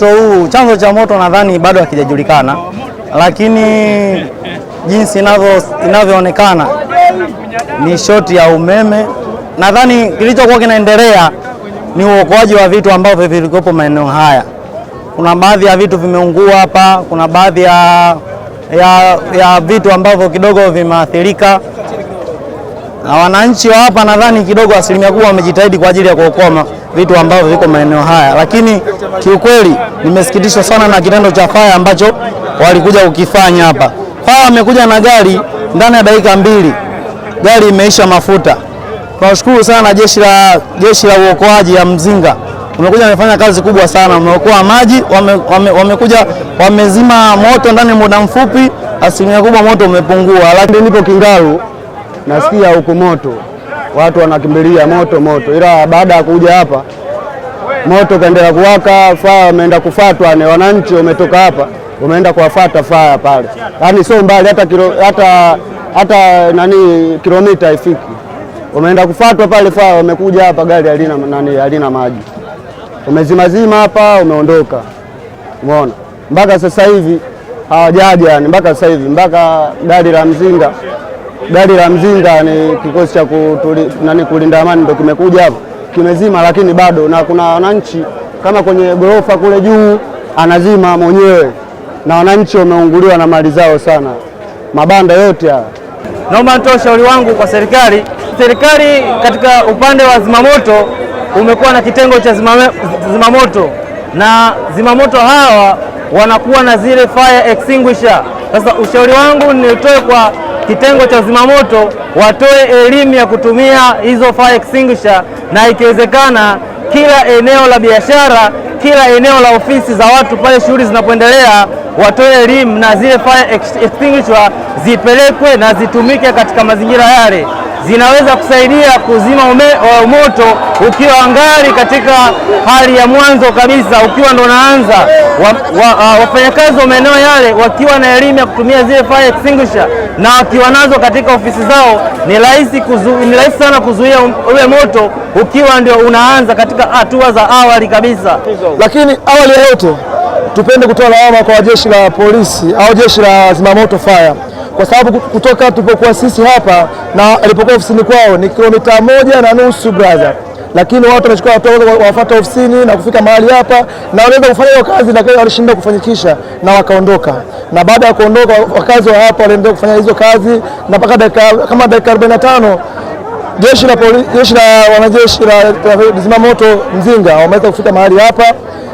Huu chanzo cha moto nadhani bado hakijajulikana, lakini jinsi inavyoonekana ni shoti ya umeme. Nadhani kilichokuwa kinaendelea ni uokoaji wa vitu ambavyo vilikuwepo maeneo haya. Kuna baadhi ya vitu vimeungua hapa, kuna baadhi ya, ya, ya vitu ambavyo kidogo vimeathirika na wananchi wa hapa nadhani kidogo asilimia kubwa wamejitahidi kwa ajili ya kuokoa vitu ambavyo viko maeneo haya, lakini kiukweli nimesikitishwa sana na kitendo cha faya ambacho walikuja kukifanya hapa. Faya wamekuja na gari, ndani ya dakika mbili gari imeisha mafuta. Tunashukuru sana jeshi la jeshi la uokoaji ya Mzinga, wamekuja wamefanya kazi kubwa sana, wameokoa maji, wamekuja wame, wamezima moto ndani muda mfupi, asilimia kubwa moto umepungua, lakini nipo Kingalu nasikia huku moto, watu wanakimbilia moto moto, ila baada ya kuja hapa moto kaendelea kuwaka, faa wameenda kufatwa, ni wananchi wametoka hapa umeenda kuwafata faya pale, yaani sio mbali hata kilo, hata hata nani kilomita ifiki, umeenda kufatwa pale faya, wamekuja hapa gari halina nani halina maji, umezimazima hapa umeondoka, umeona mpaka sasa hivi hawajaja, yani mpaka sasa hivi mpaka gari la mzinga gari la mzinga ni kikosi cha nani kulinda amani ndio kimekuja hapo kimezima, lakini bado na kuna wananchi kama kwenye gorofa kule juu anazima mwenyewe, na wananchi wameunguliwa na mali zao sana, mabanda yote haya. Naomba nitoe ushauri wangu kwa serikali. Serikali katika upande wa zimamoto umekuwa na kitengo cha zimamoto na zimamoto hawa wanakuwa na zile fire extinguisher. Sasa ushauri wangu nitoe kwa kitengo cha zimamoto watoe elimu ya kutumia hizo fire extinguisher, na ikiwezekana kila eneo la biashara, kila eneo la ofisi za watu pale shughuli zinapoendelea, watoe elimu na zile fire extinguisher zipelekwe na zitumike katika mazingira yale zinaweza kusaidia kuzima uh, moto ukiwa angali katika hali ya mwanzo kabisa, ukiwa ndo unaanza. Wafanyakazi wa, wa, ah, wa maeneo yale wakiwa na elimu ya kutumia zile fire extinguisher na wakiwa nazo katika ofisi zao, ni rahisi ni rahisi sana kuzuia um, ule moto ukiwa ndio unaanza katika hatua za awali kabisa. Lakini awali ya yote, tupende kutoa lawama kwa jeshi la polisi au jeshi la zimamoto fire kwa sababu kutoka tulipokuwa sisi hapa na alipokuwa ofisini kwao ni kilomita moja na nusu brother, lakini watu wanachukua watu wafuata ofisini na kufika mahali hapa, na waliweza kufanya hiyo kazi na walishinda kufanikisha na wakaondoka. Na baada ya kuondoka, wakazi wa hapa waliendelea kufanya hizo kazi na mpaka dakika kama dakika jeshi la polisi, jeshi la wanajeshi la zimamoto Mzinga wameweza kufika mahali hapa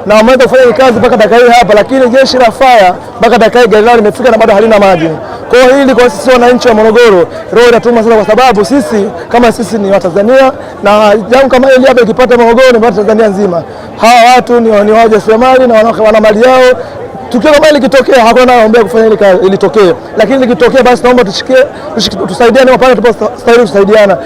na wameweza kufanya kazi mpaka dakika hii hapa, lakini jeshi la faya mpaka dakika hii gari lao limefika na bado halina maji. Kwa hiyo hili kwa sisi wananchi wa Morogoro roho inatuma sana, kwa sababu sisi kama sisi ni Watanzania na jambo kama hili hapa ikipata Morogoro ni Tanzania nzima. Hawa watu ni, ni wajasiriamali na wana mali yao tukio kama likitokea hakuna nani anayeombea kufanya ili litokee, lakini likitokea basi naomba tushikie tusaidiane tupo stahili kusaidiana.